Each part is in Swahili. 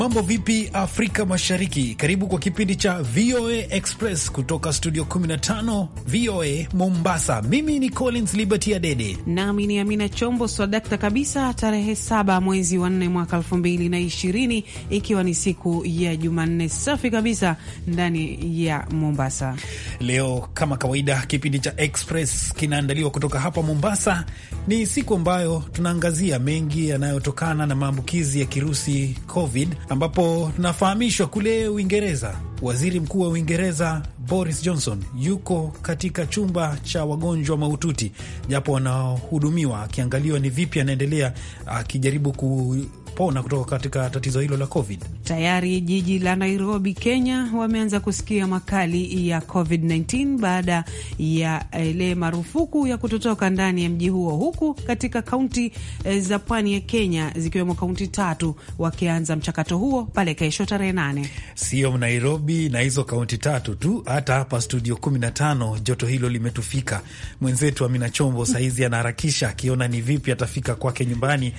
Mambo vipi Afrika Mashariki? Karibu kwa kipindi cha VOA Express kutoka studio 15 VOA Mombasa. Mimi ni Collins Liberty Adede nami ni Amina Chombo swadakta kabisa, tarehe 7 mwezi wa 4 mwaka 220 ikiwa ni siku ya Jumanne safi kabisa ndani ya Mombasa. Leo kama kawaida, kipindi cha Express kinaandaliwa kutoka hapa Mombasa. Ni siku ambayo tunaangazia mengi yanayotokana na maambukizi ya kirusi COVID ambapo nafahamishwa kule Uingereza, waziri mkuu wa Uingereza Boris Johnson yuko katika chumba cha wagonjwa mahututi, japo wanaohudumiwa, akiangaliwa ni vipi anaendelea, akijaribu ku kupona kutoka katika tatizo hilo la COVID. Tayari jiji la Nairobi, Kenya, wameanza kusikia makali ya COVID-19 baada ya eh, ile marufuku ya kutotoka ndani ya mji huo, huku katika kaunti eh, za pwani ya Kenya zikiwemo kaunti tatu wakianza mchakato huo pale kesho tarehe nane. Sio Nairobi na hizo kaunti tatu tu, hata hapa studio 15 joto hilo limetufika. Mwenzetu Amina Chombo sahizi anaharakisha akiona ni vipi atafika kwake nyumbani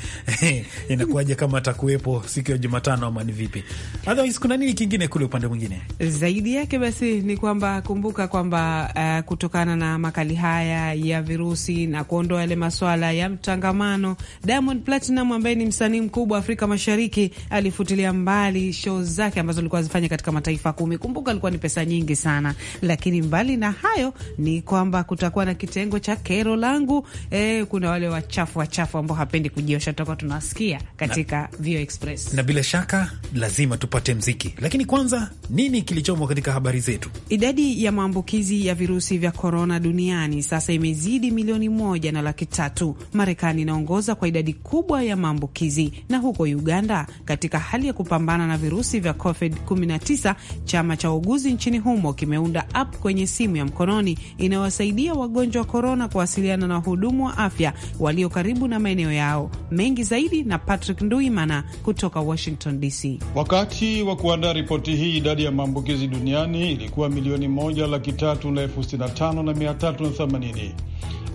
inakuwaje kama kama atakuwepo siku ya Jumatano ama ni vipi? Otherwise, kuna nini kingine kule upande mwingine zaidi yake? Basi ni kwamba kumbuka kwamba uh, kutokana na makali haya ya virusi na kuondoa yale maswala ya mtangamano, Diamond Platinum ambaye ni msanii mkubwa Afrika Mashariki alifutilia mbali show zake ambazo alikuwa azifanya katika mataifa kumi. Kumbuka alikuwa ni pesa nyingi sana, lakini mbali na hayo ni kwamba kutakuwa na kitengo cha kero langu. Eh, kuna wale wachafu wachafu ambao hapendi kujiosha, tutakuwa tunawasikia katika Express, na bila shaka lazima tupate mziki. Lakini kwanza, nini kilichomo katika habari zetu? Idadi ya maambukizi ya virusi vya korona duniani sasa imezidi milioni moja na laki tatu. Marekani inaongoza kwa idadi kubwa ya maambukizi, na huko Uganda, katika hali ya kupambana na virusi vya COVID-19, chama cha uuguzi nchini humo kimeunda app kwenye simu ya mkononi inayowasaidia wagonjwa wa korona kuwasiliana na wahudumu wa afya walio karibu na maeneo yao. Mengi zaidi na Patrick Ndu Ndwimana kutoka Washington DC. Wakati wa kuandaa ripoti hii, idadi ya maambukizi duniani ilikuwa milioni moja laki tatu na elfu sitini na tano na mia tatu na themanini.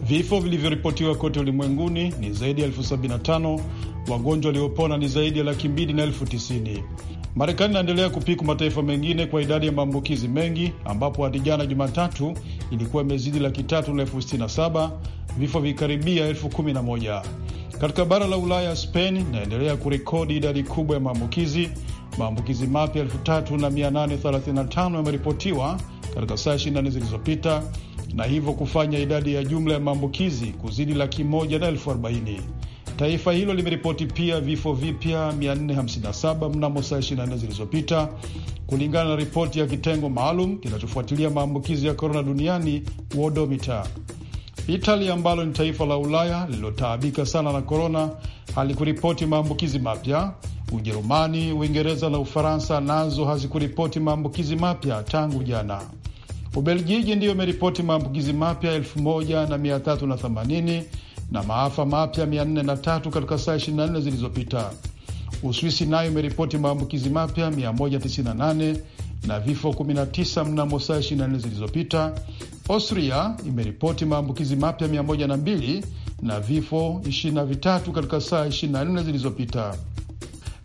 Vifo vilivyoripotiwa kote ulimwenguni ni zaidi ya elfu sabini na tano. Wagonjwa waliopona ni zaidi ya laki mbili na elfu tisini. Marekani inaendelea kupiku mataifa mengine kwa idadi ya maambukizi mengi ambapo hadi jana Jumatatu ilikuwa imezidi laki tatu na elfu sitini na saba, vifo vikaribia elfu kumi na moja. Katika bara la Ulaya, Spain inaendelea kurekodi idadi kubwa ya maambukizi. Maambukizi mapya 3835 yameripotiwa katika saa 24 zilizopita na hivyo kufanya idadi ya jumla ya maambukizi kuzidi laki moja na elfu arobaini. Taifa hilo limeripoti pia vifo vipya 457 mnamo saa 24 zilizopita, kulingana na ripoti ya kitengo maalum kinachofuatilia maambukizi ya korona duniani, Wodomita. Italia ambalo ni taifa la Ulaya lililotaabika sana na korona halikuripoti maambukizi mapya. Ujerumani, Uingereza na Ufaransa nazo hazikuripoti maambukizi mapya tangu jana. Ubelgiji ndiyo imeripoti maambukizi mapya 1380 na na maafa mapya 403 katika saa 24 zilizopita. Uswisi nayo imeripoti maambukizi mapya 198 na vifo 19 mnamo saa 24 zilizopita, Austria imeripoti maambukizi mapya 102 na vifo 23 katika saa 24 zilizopita.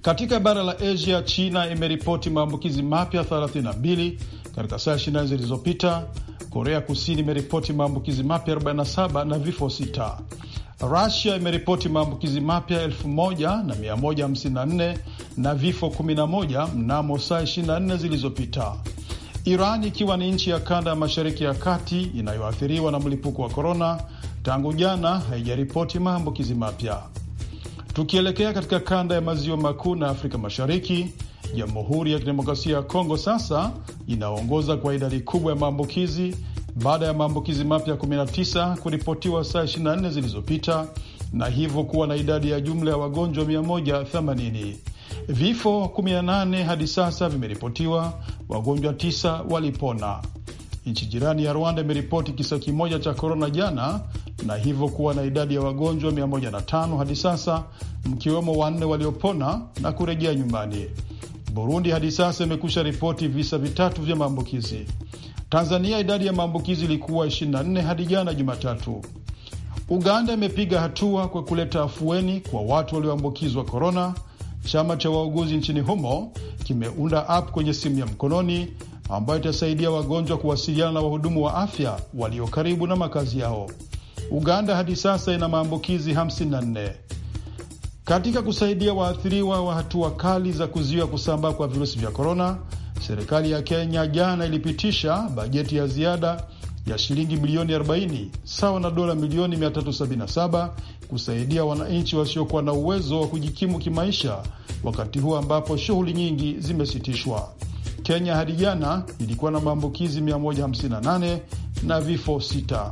Katika bara la Asia, China imeripoti maambukizi mapya 32 katika saa 24 zilizopita. Korea Kusini imeripoti maambukizi mapya 47 na vifo 6. Rusia imeripoti maambukizi mapya 1154 na vifo 11 mnamo saa 24 zilizopita. Iran ikiwa ni nchi ya kanda ya Mashariki ya Kati inayoathiriwa na mlipuko wa korona, tangu jana haijaripoti maambukizi mapya. Tukielekea katika kanda ya maziwa makuu na Afrika Mashariki, Jamhuri ya Kidemokrasia ya Kongo sasa inaongoza kwa idadi kubwa ya maambukizi baada ya maambukizi mapya 19 kuripotiwa saa 24 zilizopita na hivyo kuwa na idadi ya jumla ya wagonjwa 180. Vifo 18 hadi sasa vimeripotiwa, wagonjwa tisa walipona. Nchi jirani ya Rwanda imeripoti kisa kimoja cha korona jana na hivyo kuwa na idadi ya wagonjwa 105 hadi sasa, mkiwemo wanne waliopona na kurejea nyumbani. Burundi hadi sasa imekusha ripoti visa vitatu vya maambukizi. Tanzania idadi ya maambukizi ilikuwa 24 hadi jana Jumatatu. Uganda imepiga hatua kwa kuleta afueni kwa watu walioambukizwa korona Chama cha wauguzi nchini humo kimeunda app kwenye simu ya mkononi ambayo itasaidia wagonjwa kuwasiliana na wahudumu wa afya walio karibu na makazi yao. Uganda hadi sasa ina maambukizi 54. Katika kusaidia waathiriwa wa hatua kali za kuzuia kusambaa kwa virusi vya korona, serikali ya Kenya jana ilipitisha bajeti ya ziada ya shilingi bilioni 40 sawa na dola milioni 377 kusaidia wananchi wasiokuwa na uwezo wa kujikimu kimaisha, wakati huu ambapo shughuli nyingi zimesitishwa. Kenya hadi jana ilikuwa na maambukizi 158 na vifo 6.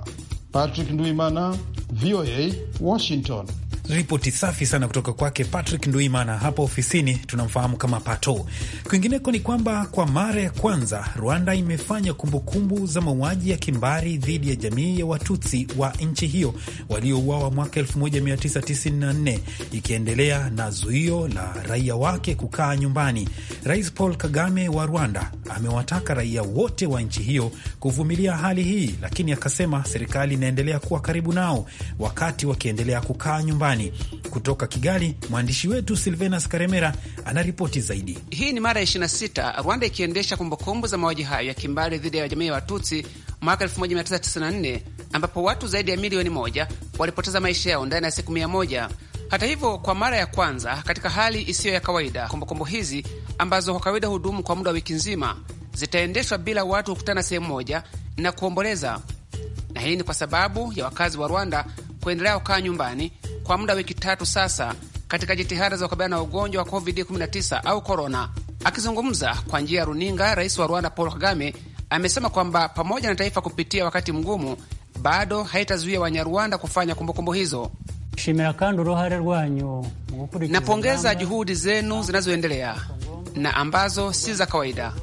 Patrick Nduimana, VOA, Washington. Ripoti safi sana kutoka kwake Patrick Nduimana hapa ofisini, tunamfahamu kama Pato. Kwingineko ni kwamba kwa mara ya kwanza Rwanda imefanya kumbukumbu za mauaji ya kimbari dhidi ya jamii ya Watutsi wa nchi hiyo waliouawa mwaka 1994 ikiendelea na zuio la raia wake kukaa nyumbani. Rais Paul Kagame wa Rwanda amewataka raia wote wa nchi hiyo kuvumilia hali hii, lakini akasema serikali inaendelea kuwa karibu nao wakati wakiendelea kukaa nyumbani. Marekani. Kutoka Kigali, mwandishi wetu Silvenas Karemera anaripoti zaidi. Hii ni mara ya 26 Rwanda ikiendesha kumbukumbu za mauaji hayo ya kimbali dhidi ya jamii ya Watutsi mwaka 1994 ambapo watu zaidi ya milioni moja walipoteza maisha yao ndani ya siku mia moja. Hata hivyo, kwa mara ya kwanza katika hali isiyo ya kawaida, kumbukumbu hizi ambazo kwa kawaida hudumu kwa muda wa wiki nzima zitaendeshwa bila watu kukutana sehemu moja na kuomboleza, na hii ni kwa sababu ya wakazi wa Rwanda kuendelea kukaa nyumbani kwa muda wa wiki tatu sasa katika jitihada za kukabiliana na ugonjwa wa COVID-19 au korona. Akizungumza kwa njia ya runinga, rais wa Rwanda Paul Kagame amesema kwamba pamoja na taifa kupitia wakati mgumu, bado haitazuia Wanyarwanda kufanya kumbukumbu hizo. Napongeza juhudi zenu zinazoendelea na ambazo si za kawaida,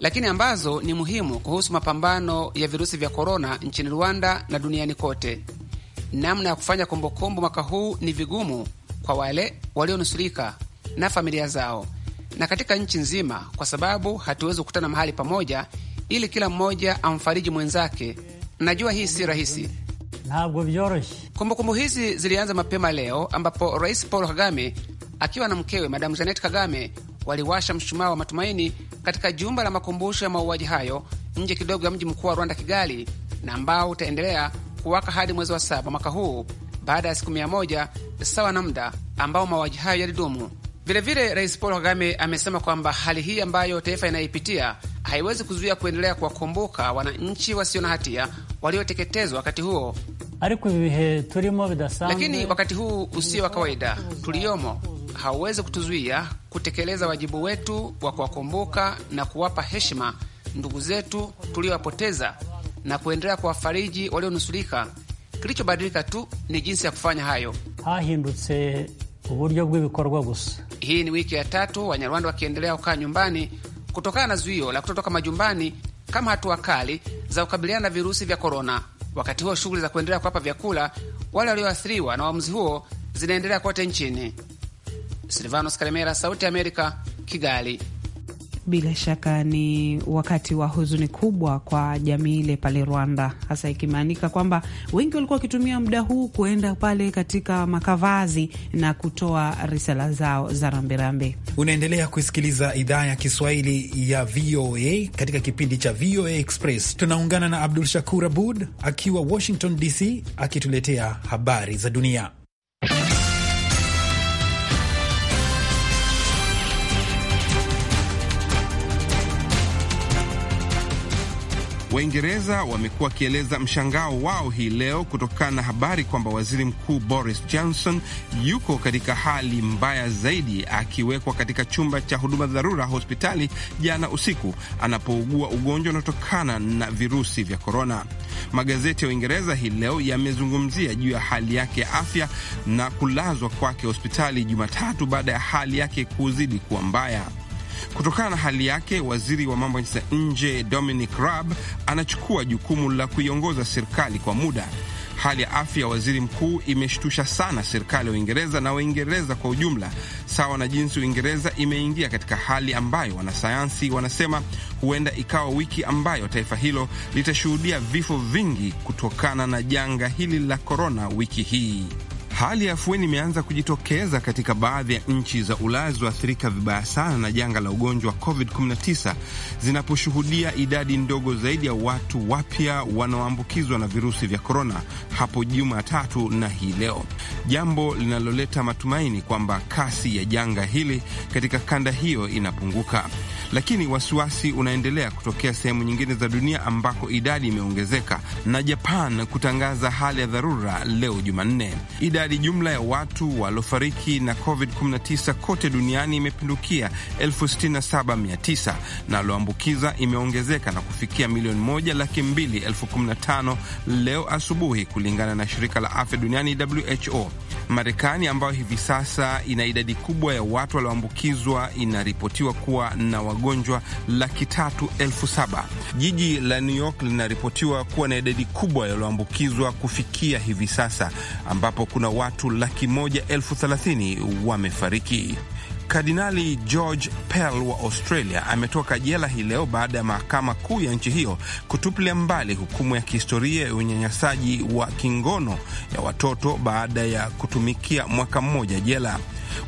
lakini ambazo ni muhimu kuhusu mapambano ya virusi vya korona nchini Rwanda na duniani kote namna ya kufanya kombokombo mwaka huu ni vigumu kwa wale walionusurika na familia zao na katika nchi nzima, kwa sababu hatuwezi kukutana mahali pamoja ili kila mmoja amfariji mwenzake. Najua hii si rahisi. Kumbukumbu hizi zilianza mapema leo, ambapo Rais Paul Kagame akiwa na mkewe Madamu Janet Kagame waliwasha mshumaa wa matumaini katika jumba la makumbusho ya mauaji hayo nje kidogo ya mji mkuu wa Rwanda, Kigali, na ambao utaendelea kuwaka hadi mwezi wa saba mwaka huu baada ya siku mia moja sawa na muda ambao mauaji hayo yalidumu. Vilevile, Rais Paul Kagame amesema kwamba hali hii ambayo taifa inayoipitia haiwezi kuzuia kuendelea kuwakumbuka wananchi wasio na hatia walioteketezwa wakati huo. Lakini wakati huu usio wa kawaida tuliomo hauwezi kutuzuia kutekeleza wajibu wetu wa kuwakumbuka na kuwapa heshima ndugu zetu tuliowapoteza na kuendelea kuwafariji walionusurika. Kilichobadilika tu ni jinsi ya kufanya hayo. hahindutse uburyo bw'ibikorwa gusa. Hii ni wiki ya tatu Wanyarwanda wakiendelea kukaa nyumbani kutokana na zuio la kutotoka majumbani kama hatua kali za kukabiliana na virusi vya korona. Wakati huo shughuli za kuendelea kuwapa vyakula wale walioathiriwa na uamuzi huo zinaendelea kote nchini. Silvanos Karemera, Sauti ya Amerika, Kigali bila shaka ni wakati wa huzuni kubwa kwa jamii ile pale Rwanda, hasa ikimaanika kwamba wengi walikuwa wakitumia muda huu kuenda pale katika makavazi na kutoa risala zao za rambirambi. Unaendelea kuisikiliza idhaa ya Kiswahili ya VOA katika kipindi cha VOA Express. Tunaungana na Abdul Shakur Abud akiwa Washington DC akituletea habari za dunia. Waingereza wamekuwa wakieleza mshangao wao hii leo kutokana na habari kwamba waziri mkuu Boris Johnson yuko katika hali mbaya zaidi, akiwekwa katika chumba cha huduma dharura hospitali jana usiku anapougua ugonjwa unaotokana na virusi vya korona. Magazeti ya Uingereza hii leo yamezungumzia juu ya hali yake ya afya na kulazwa kwake hospitali Jumatatu baada ya hali yake kuzidi kuwa mbaya. Kutokana na hali yake, waziri wa mambo ya nje Dominic Raab anachukua jukumu la kuiongoza serikali kwa muda. Hali ya afya ya waziri mkuu imeshtusha sana serikali ya Uingereza na Waingereza kwa ujumla, sawa na jinsi Uingereza imeingia katika hali ambayo wanasayansi wanasema huenda ikawa wiki ambayo taifa hilo litashuhudia vifo vingi kutokana na janga hili la korona wiki hii. Hali ya afueni imeanza kujitokeza katika baadhi ya nchi za Ulaya zilizoathirika vibaya sana na janga la ugonjwa wa COVID-19 zinaposhuhudia idadi ndogo zaidi ya watu wapya wanaoambukizwa na virusi vya korona hapo Jumatatu na hii leo, jambo linaloleta matumaini kwamba kasi ya janga hili katika kanda hiyo inapunguka lakini wasiwasi unaendelea kutokea sehemu nyingine za dunia ambako idadi imeongezeka na Japan kutangaza hali ya dharura leo Jumanne. Idadi jumla ya watu waliofariki na COVID-19 kote duniani imepindukia 679 na walioambukiza imeongezeka na kufikia milioni moja laki mbili leo asubuhi, kulingana na shirika la afya duniani WHO. Marekani ambayo hivi sasa ina idadi kubwa ya watu walioambukizwa inaripotiwa kuwa na wagonjwa laki tatu elfu saba. Jiji la New York linaripotiwa kuwa na idadi kubwa yaliyoambukizwa kufikia hivi sasa, ambapo kuna watu laki moja elfu thelathini wamefariki. Kardinali George Pell wa Australia ametoka jela hii leo baada ya mahakama kuu ya nchi hiyo kutupilia mbali hukumu ya kihistoria ya unyanyasaji wa kingono ya watoto baada ya kutumikia mwaka mmoja jela.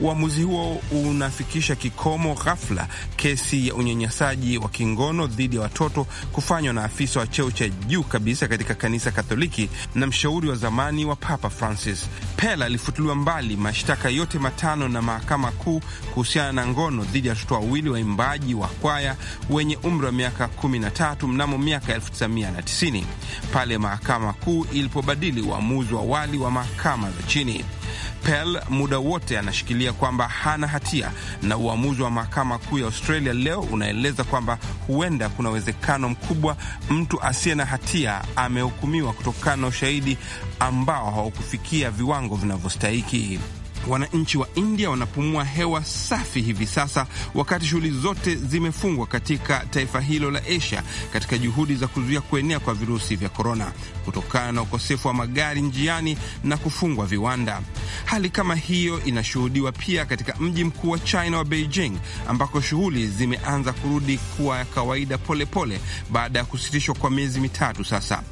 Uamuzi huo unafikisha kikomo ghafla kesi ya unyanyasaji wa kingono dhidi ya watoto kufanywa na afisa wa cheo cha juu kabisa katika kanisa Katoliki na mshauri wa zamani wa Papa Francis. Pela alifutuliwa mbali mashtaka yote matano na mahakama kuu kuhusiana na ngono dhidi ya watoto wawili waimbaji wa kwaya wenye umri wa miaka 13 mnamo miaka 1990 pale mahakama kuu ilipobadili uamuzi wa awali wa mahakama za chini. Pell muda wote anashikilia kwamba hana hatia na uamuzi wa mahakama kuu ya Australia leo unaeleza kwamba huenda kuna uwezekano mkubwa mtu asiye na hatia amehukumiwa kutokana na ushahidi ambao haukufikia viwango vinavyostahiki wananchi wa India wanapumua hewa safi hivi sasa, wakati shughuli zote zimefungwa katika taifa hilo la Asia katika juhudi za kuzuia kuenea kwa virusi vya korona, kutokana na ukosefu wa magari njiani na kufungwa viwanda. Hali kama hiyo inashuhudiwa pia katika mji mkuu wa China wa Beijing, ambako shughuli zimeanza kurudi kuwa ya kawaida polepole baada ya kusitishwa kwa miezi mitatu sasa.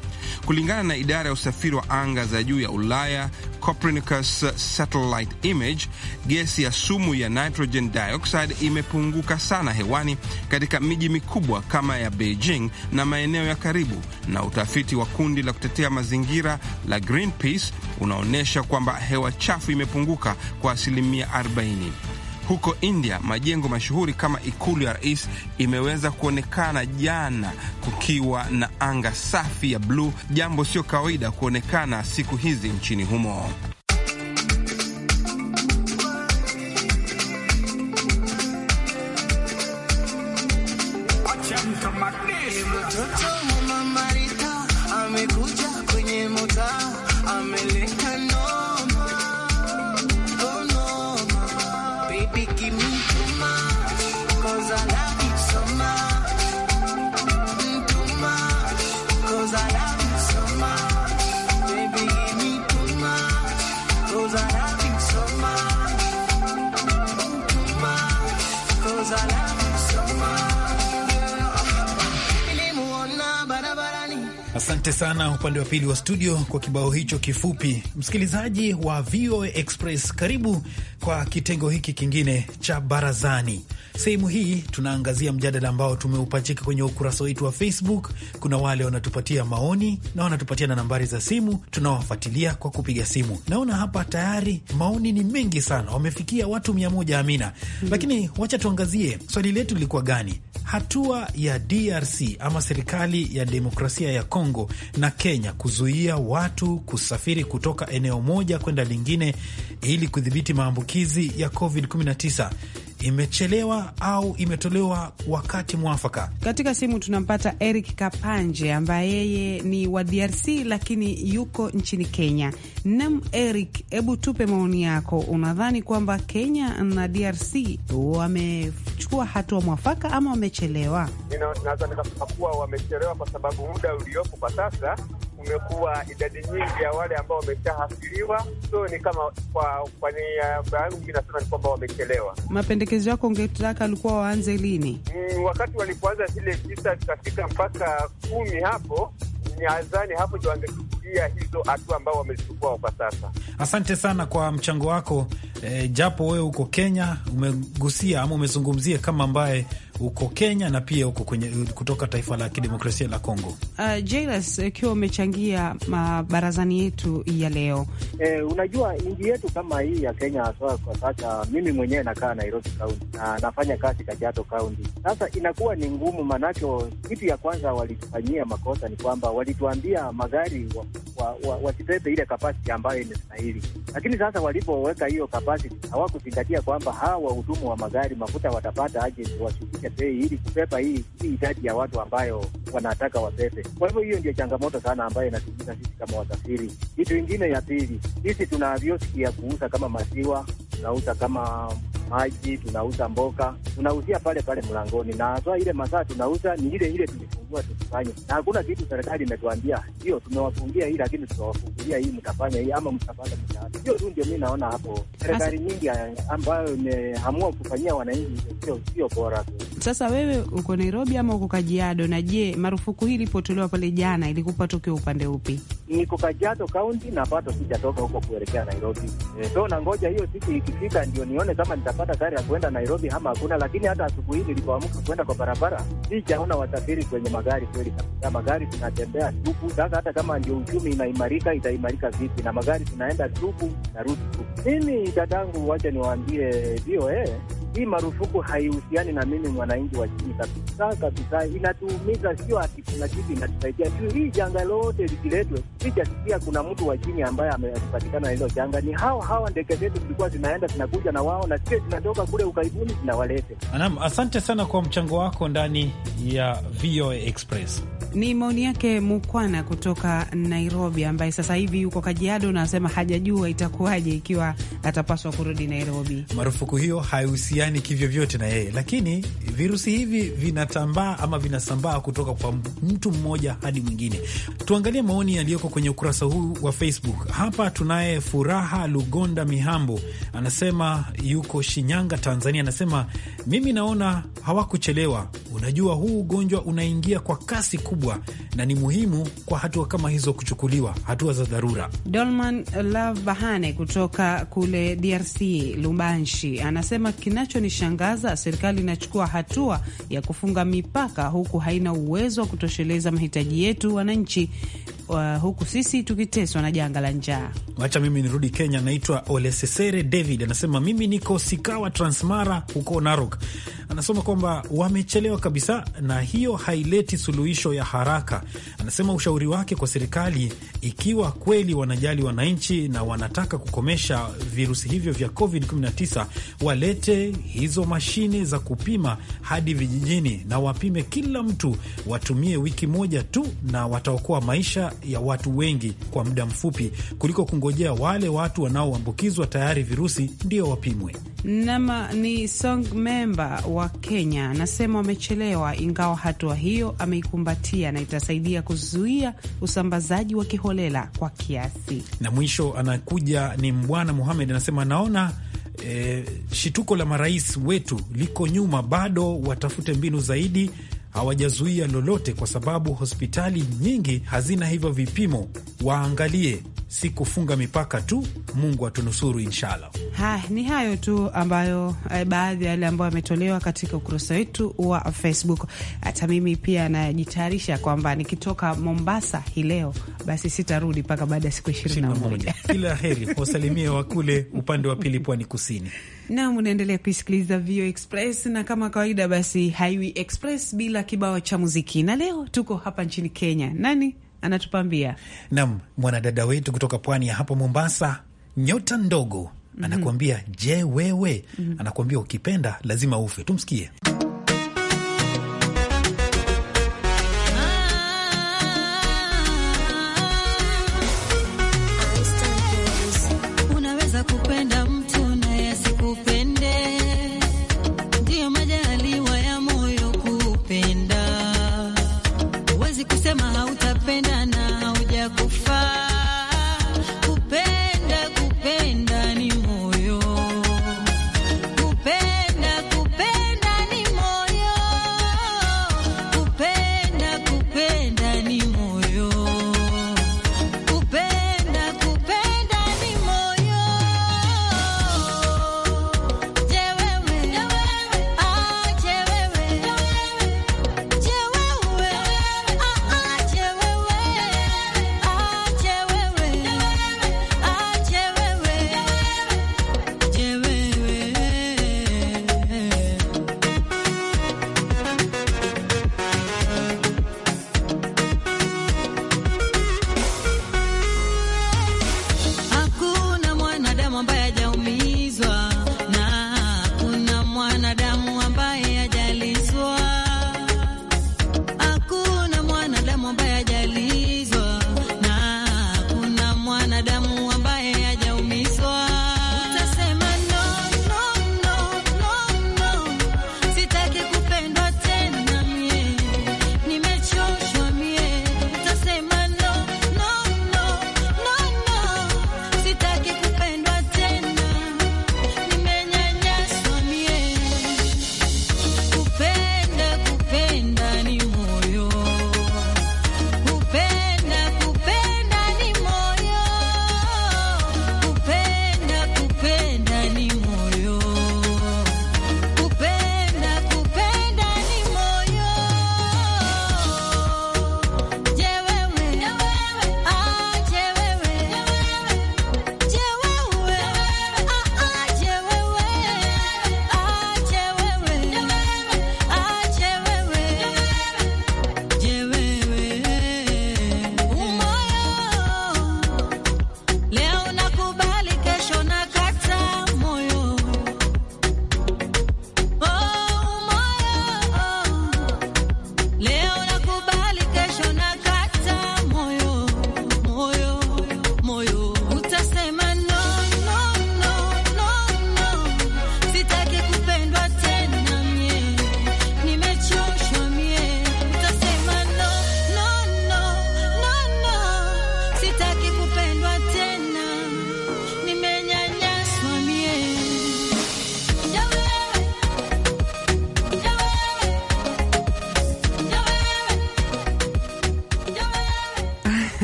Kulingana na idara ya usafiri wa anga za juu ya Ulaya, Copernicus satellite image, gesi ya sumu ya nitrogen dioxide imepunguka sana hewani katika miji mikubwa kama ya Beijing na maeneo ya karibu, na utafiti wa kundi la kutetea mazingira la Greenpeace unaonyesha kwamba hewa chafu imepunguka kwa asilimia 40. Huko India, majengo mashuhuri kama ikulu ya rais imeweza kuonekana jana kukiwa na anga safi ya bluu, jambo sio kawaida kuonekana siku hizi nchini humo. Asante sana upande wa pili wa studio kwa kibao hicho kifupi. Msikilizaji wa VOA Express, karibu kwa kitengo hiki kingine cha barazani. Sehemu hii tunaangazia mjadala ambao tumeupachika kwenye ukurasa wetu wa Facebook. Kuna wale wanatupatia maoni na wanatupatia na nambari za simu, tunawafuatilia kwa kupiga simu. Naona hapa tayari maoni ni mengi sana, wamefikia watu mia moja. Amina, hmm. lakini wacha tuangazie swali letu lilikuwa gani? hatua ya DRC ama serikali ya demokrasia ya Kongo na Kenya kuzuia watu kusafiri kutoka eneo moja kwenda lingine ili kudhibiti maambukizi ya COVID-19 imechelewa au imetolewa wakati mwafaka. Katika simu tunampata Eric Kapanje ambaye yeye ni wa DRC lakini yuko nchini Kenya. Nam Eric, hebu tupe maoni yako, unadhani kwamba Kenya na DRC wamechukua hatua mwafaka ama wamechelewa? Naweza nikasema kuwa wamechelewa kwa sababu muda uliopo kwa sasa kumekuwa idadi nyingi ya wale ambao wameshahafiriwa so ni kama kwa kwa yangu nasema ni kwamba wamechelewa. Mapendekezo yako ungetaka alikuwa waanze lini? Mm, wakati walipoanza zile tisa zikafika mpaka kumi hapo, azani hapo ndio wange kusaidia hizo hatua ambao wamezichukua kwa sasa. Asante sana kwa mchango wako. E, japo wewe uko Kenya, umegusia ama umezungumzia kama ambaye uko Kenya na pia uko kwenye kutoka taifa la kidemokrasia la Kongo. Uh, Jailas, ukiwa umechangia mabarazani uh, yetu ya leo e, unajua nchi yetu kama hii ya Kenya hasa kwa sasa, mimi mwenyewe nakaa Nairobi kaunti na nafanya kazi Kajiado kaunti. Sasa inakuwa ni ngumu, maanake kitu ya kwanza walitufanyia makosa ni kwamba walituambia magari wa wasibebe wa, wa ile kapasiti ambayo imestahili. Lakini sasa walipoweka hiyo kapasiti, hawakuzingatia kwamba hawa wahudumu wa magari mafuta watapata aje washukishe bei ili kubeba hii hii idadi ya watu ambayo wanataka wabebe. Kwa hivyo hiyo ndio changamoto sana ambayo inatumika sisi kama wasafiri. Kitu ingine ya pili, sisi ya kuuza kama maziwa tunauza kama maji, tunauza mboga, tunauzia pale pale mlangoni, na haswa ile masaa tunauza ni ile ile tulifungua tukifanya, na hakuna kitu serikali imetuambia hiyo. Tumewafungia hii, lakini tutawafungulia hii, mtafanya hii ama mtapata msaada. Hiyo tu ndio mi naona hapo serikali nyingi ambayo imeamua kufanyia wananchi, sio bora tu. Sasa wewe uko Nairobi ama uko Kajiado? Na je, marufuku hii ilipotolewa pale jana ilikupa tokeo upande upi? Niko Kajiado kaunti na bado sijatoka huko kuelekea Nairobi. E, so na ngoja hiyo siku ikifika ndio nione kama nitapata gari ya kuenda Nairobi ama hakuna, lakini hata asubuhi nilipoamka kuenda kwa barabara sijaona wasafiri kwenye magari kweli na Magari zinatembea tupu. Sasa hata kama ndio uchumi inaimarika, itaimarika vipi? Na magari zinaenda tupu na tupu. Mimi dadangu, wacha niwaambie eh, VOA hii marufuku haihusiani na mimi mwananchi wa chini kabisa kabisa, inatuumiza, sio ati kuna kitu inatusaidia tu. Hii janga lote likiletwe, sijasikia kuna mtu wa chini ambaye amepatikana na hilo janga. Ni hao hawa ndege zetu zilikuwa zinaenda zinakuja na wao na sie zinatoka kule ukaribuni zinawalete. Naam, asante sana kwa mchango wako ndani ya VOA Express. Ni maoni yake Mukwana kutoka Nairobi, ambaye sasa hivi yuko Kajiado na asema hajajua itakuwaje ikiwa atapaswa kurudi Nairobi. Marufuku hiyo haihusiani kupigani kivyovyote na yeye, lakini virusi hivi vinatambaa ama vinasambaa kutoka kwa mtu mmoja hadi mwingine. Tuangalie maoni yaliyoko kwenye ukurasa huu wa Facebook. Hapa tunaye Furaha Lugonda Mihambo, anasema yuko Shinyanga, Tanzania. Anasema mimi naona hawakuchelewa. Unajua, huu ugonjwa unaingia kwa kasi kubwa, na ni muhimu kwa hatua kama hizo kuchukuliwa, hatua za dharura. Dolman Love Bahane kutoka kule DRC, Lubanshi, anasema kinacho Kinachonishangaza, serikali inachukua hatua ya kufunga mipaka huku haina uwezo wa kutosheleza mahitaji yetu wananchi, uh, huku sisi tukiteswa na janga la njaa. Wacha mimi nirudi Kenya. Naitwa Olesesere David, anasema mimi niko Sikawa Transmara huko Narok. Anasema kwamba wamechelewa kabisa na hiyo haileti suluhisho ya haraka. Anasema ushauri wake kwa serikali, ikiwa kweli wanajali wananchi na wanataka kukomesha virusi hivyo vya COVID-19, walete hizo mashine za kupima hadi vijijini na wapime kila mtu, watumie wiki moja tu, na wataokoa maisha ya watu wengi kwa muda mfupi kuliko kungojea wale watu wanaoambukizwa tayari virusi ndio wapimwe. Nama ni song memba wa Kenya anasema wamechelewa, ingawa hatua hiyo ameikumbatia na itasaidia kuzuia usambazaji wa kiholela kwa kiasi. Na mwisho anakuja ni Mbwana Muhamed anasema anaona e, shituko la marais wetu liko nyuma, bado watafute mbinu zaidi. Hawajazuia lolote, kwa sababu hospitali nyingi hazina hivyo vipimo. Waangalie si kufunga mipaka tu. Mungu atunusuru inshallah. Ha, ni hayo tu ambayo eh, baadhi ya yale ambayo yametolewa katika ukurasa wetu wa Facebook. Hata mimi pia najitayarisha kwamba nikitoka Mombasa hii leo basi sitarudi mpaka baada ya siku ishirini na moja. Kila heri, wasalimie wakule upande wa pili, pwani kusini. Nam, unaendelea kuisikiliza VOA Express na kama kawaida, basi haiwi Express bila kibao cha muziki, na leo tuko hapa nchini Kenya. Nani anatupambia. Naam, mwanadada wetu kutoka pwani ya hapa Mombasa, nyota ndogo anakuambia, je, wewe? Mhm. Anakuambia ukipenda lazima ufe. Tumsikie.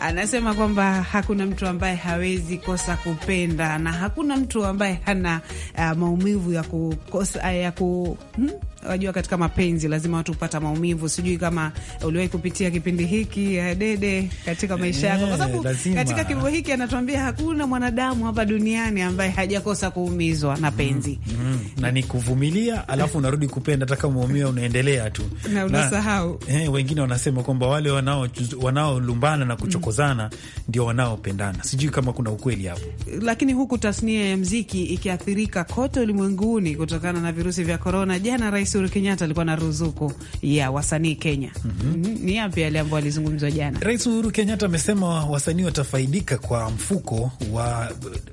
anasema kwamba hakuna mtu ambaye hawezi kosa kupenda na hakuna mtu ambaye hana uh, maumivu ya kukosa uh, ya ku hmm? Wajua, katika mapenzi lazima watu hupata maumivu. Sijui kama uliwahi kupitia kipindi hiki uh, Dede katika maisha yako, kwa sababu eh, katika kibao hiki anatuambia hakuna mwanadamu hapa duniani ambaye hajakosa kuumizwa na penzi mm mm, na ni kuvumilia, alafu unarudi kupenda, hata kama umeumia unaendelea tu na unasahau. Eh, wengine wanasema kwamba wale wanaolumbana wanao na kuchoko wanapozana ndio wanaopendana. Sijui kama kuna ukweli hapo, lakini huku tasnia ya mziki ikiathirika kote ulimwenguni kutokana na virusi vya korona, jana Rais Uhuru Kenyatta alikuwa na ruzuku ya wasanii Kenya. mm -hmm. Ni yapi yale ambayo alizungumzwa jana? Rais Uhuru Kenyatta amesema wasanii watafaidika kwa mfuko wa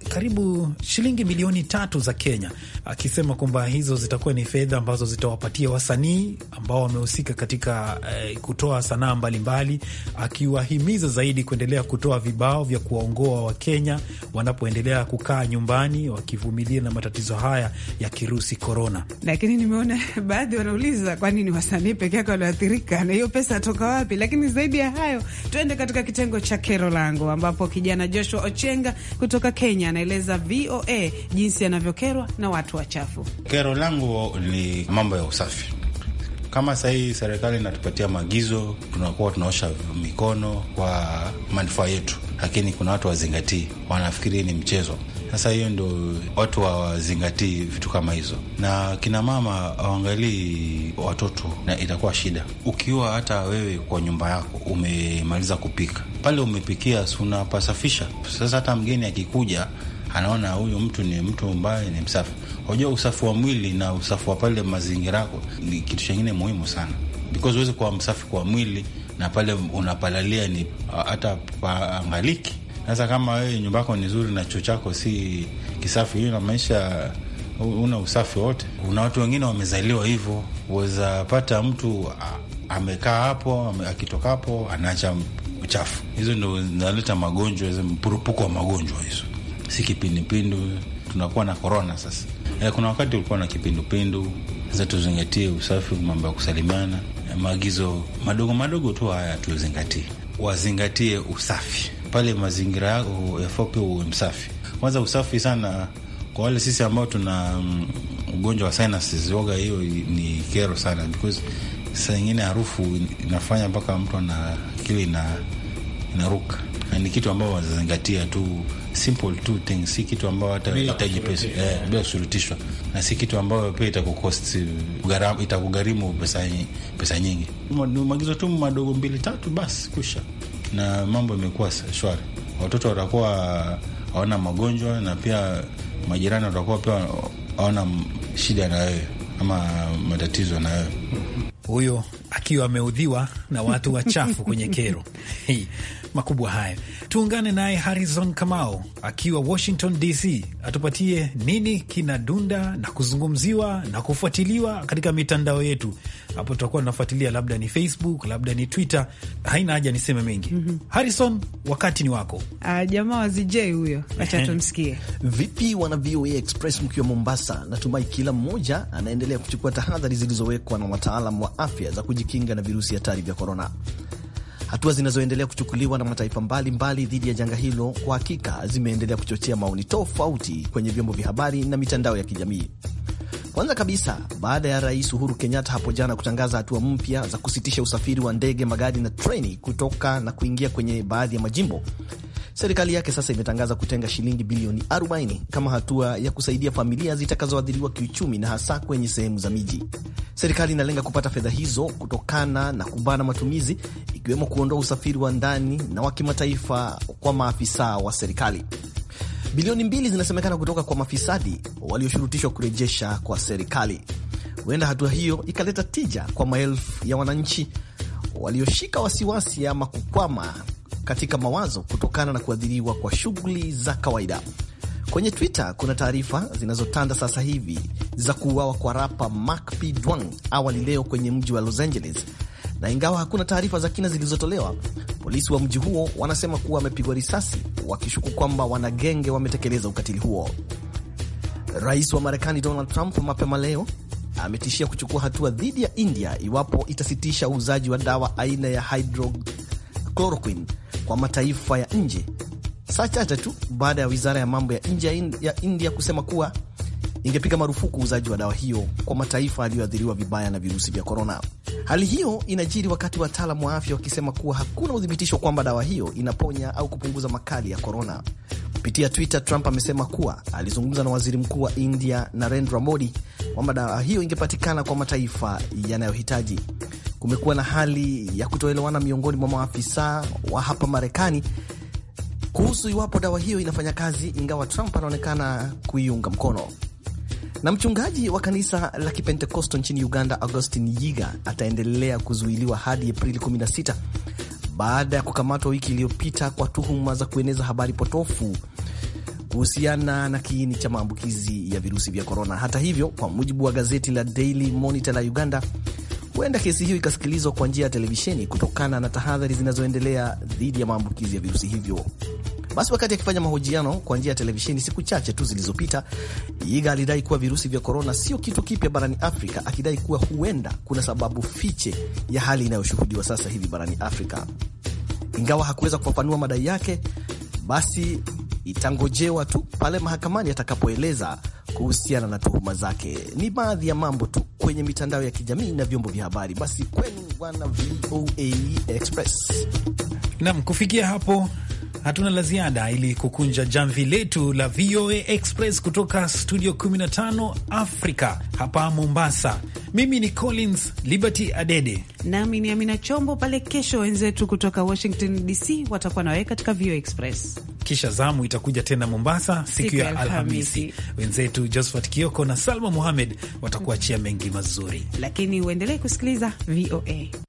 karibu shilingi milioni tatu za Kenya, akisema kwamba hizo zitakuwa ni fedha ambazo zitawapatia wasanii ambao wamehusika katika eh, kutoa sanaa mbalimbali, akiwahimiza zaidi kuendelea kutoa vibao vya kuwaongoa Wakenya wanapoendelea kukaa nyumbani wakivumilia na matatizo haya ya kirusi korona. Lakini nimeona baadhi wanauliza kwani ni wasanii peke yake walioathirika, na hiyo pesa atoka wapi? Lakini zaidi ya hayo, tuende katika kitengo cha kero langu, ambapo kijana Joshua Ochenga kutoka Kenya anaeleza VOA jinsi anavyokerwa na watu wachafu. Kero langu ni mambo ya usafi kama sahii serikali inatupatia maagizo, tunakuwa tunaosha mikono kwa manufaa yetu, lakini kuna watu wazingatii, wanafikiri ni mchezo. Sasa hiyo ndo watu wawazingatii vitu kama hizo, na kinamama waangalii watoto, na itakuwa shida. Ukiwa hata wewe kwa nyumba yako umemaliza kupika pale, umepikia sunapasafisha. Sasa hata mgeni akikuja anaona huyu mtu ni mtu ambaye ni msafi Unajua, usafi wa mwili na usafi wa pale mazingira yako ni kitu chengine muhimu sana, because huwezi kuwa msafi kwa mwili na pale unapalalia ni ah, hata paangaliki. Sasa kama wewe nyumba yako ni nzuri na choo chako si kisafi, hiyo na maisha una usafi wote. Kuna watu wengine wamezaliwa hivyo, waweza pata mtu ah, amekaa hapo, akitoka hapo anaacha uchafu. Hizo ndo zinaleta magonjwa, mpurupuko wa magonjwa hizo, si kipindipindu tunakuwa na korona sasa. E, kuna wakati ulikuwa na kipindupindu. Sasa tuzingatie usafi, mambo ya kusalimiana, eh, maagizo madogo madogo tu haya tuzingatie, wazingatie usafi pale mazingira yako yafupi, uwe msafi kwanza. Usafi sana kwa wale sisi ambao tuna mm, ugonjwa wa sinuses, woga hiyo ni kero sana because saa ingine harufu inafanya mpaka mtu ana akili inaruka na ni kitu ambao wanazingatia tu simple two things, si kitu ambayo hatahitaji pesa eh, bila kushurutishwa, na si kitu ambayo pia itakukost itakugharimu pesa, pesa nyingi. Ni maagizo tu madogo mbili tatu, basi kusha na mambo yamekuwa shwari, watoto watakuwa hawana magonjwa na pia majirani watakuwa pia hawana shida na wewe ama matatizo na wewe. Huyo akiwa ameudhiwa na watu wachafu kwenye kero makubwa haya. Tuungane naye Harrison Kamau akiwa Washington DC, atupatie nini kinadunda na kuzungumziwa na kufuatiliwa katika mitandao yetu. Hapo tutakuwa tunafuatilia, labda ni Facebook, labda ni Twitter. Haina haja niseme mengi. mm -hmm. Harrison, wakati ni wako. Uh, jamaa wazijei huyo, acha tumsikie. Vipi wana VOA Express mkiwa Mombasa? Natumai kila mmoja anaendelea kuchukua tahadhari zilizowekwa na wataalam wa afya za kujikinga na virusi hatari vya korona. Hatua zinazoendelea kuchukuliwa na mataifa mbalimbali dhidi ya janga hilo kwa hakika zimeendelea kuchochea maoni tofauti kwenye vyombo vya habari na mitandao ya kijamii. Kwanza kabisa, baada ya Rais Uhuru Kenyatta hapo jana kutangaza hatua mpya za kusitisha usafiri wa ndege, magari na treni kutoka na kuingia kwenye baadhi ya majimbo, Serikali yake sasa imetangaza kutenga shilingi bilioni 40 kama hatua ya kusaidia familia zitakazoathiriwa kiuchumi na hasa kwenye sehemu za miji. Serikali inalenga kupata fedha hizo kutokana na kubana matumizi, ikiwemo kuondoa usafiri wa ndani na wa kimataifa kwa maafisa wa serikali. Bilioni mbili zinasemekana kutoka kwa mafisadi walioshurutishwa kurejesha kwa serikali. Huenda hatua hiyo ikaleta tija kwa maelfu ya wananchi walioshika wasiwasi ama kukwama katika mawazo kutokana na kuadhiriwa kwa shughuli za kawaida. Kwenye Twitter kuna taarifa zinazotanda sasa hivi za kuuawa kwa rapa Mac P Dwang awali leo kwenye mji wa Los Angeles, na ingawa hakuna taarifa za kina zilizotolewa, polisi wa mji huo wanasema kuwa wamepigwa risasi, wakishuku kwamba wanagenge wametekeleza ukatili huo. Rais wa Marekani Donald Trump mapema leo ametishia kuchukua hatua dhidi ya India iwapo itasitisha uuzaji wa dawa aina ya hydrochloroquine kwa mataifa ya nje, saa chache tu baada ya wizara ya mambo ya nje ya India kusema kuwa ingepiga marufuku uuzaji wa dawa hiyo kwa mataifa yaliyoathiriwa vibaya na virusi vya korona. Hali hiyo inajiri wakati wataalamu wa afya wakisema kuwa hakuna uthibitisho kwamba dawa hiyo inaponya au kupunguza makali ya korona. Kupitia Twitter, Trump amesema kuwa alizungumza na waziri mkuu wa India Narendra Modi kwamba dawa hiyo ingepatikana kwa mataifa yanayohitaji. Kumekuwa na hali ya kutoelewana miongoni mwa maafisa wa hapa Marekani kuhusu iwapo dawa hiyo inafanya kazi, ingawa Trump anaonekana kuiunga mkono. Na mchungaji wa kanisa la Kipentekosto nchini Uganda, Augustin Yiga, ataendelea kuzuiliwa hadi Aprili 16 baada ya kukamatwa wiki iliyopita kwa tuhuma za kueneza habari potofu kuhusiana na kiini cha maambukizi ya virusi vya korona. Hata hivyo, kwa mujibu wa gazeti la Daily Monitor la Uganda, huenda kesi hiyo ikasikilizwa kwa njia ya televisheni kutokana na tahadhari zinazoendelea dhidi ya maambukizi ya virusi hivyo. Basi wakati akifanya mahojiano kwa njia ya televisheni siku chache tu zilizopita, Yiga alidai kuwa virusi vya korona sio kitu kipya barani Afrika, akidai kuwa huenda kuna sababu fiche ya hali inayoshuhudiwa sasa hivi barani Afrika. Ingawa hakuweza kufafanua madai yake, basi itangojewa tu pale mahakamani atakapoeleza kuhusiana na tuhuma zake. Ni baadhi ya mambo tu kwenye mitandao ya kijamii na vyombo vya habari. Basi kwenu wana VOA Express nam kufikia hapo hatuna la ziada ili kukunja jamvi letu la VOA Express kutoka studio 15 Afrika hapa Mombasa. Mimi ni Collins Liberty Adede nami ni Amina Chombo. Pale kesho wenzetu kutoka Washington DC watakuwa nawe katika VOA Express kisha zamu itakuja tena Mombasa siku ya Alhamisi. Wenzetu Josphat Kioko na Salma Muhamed watakuachia mengi mazuri, lakini uendelee kusikiliza VOA.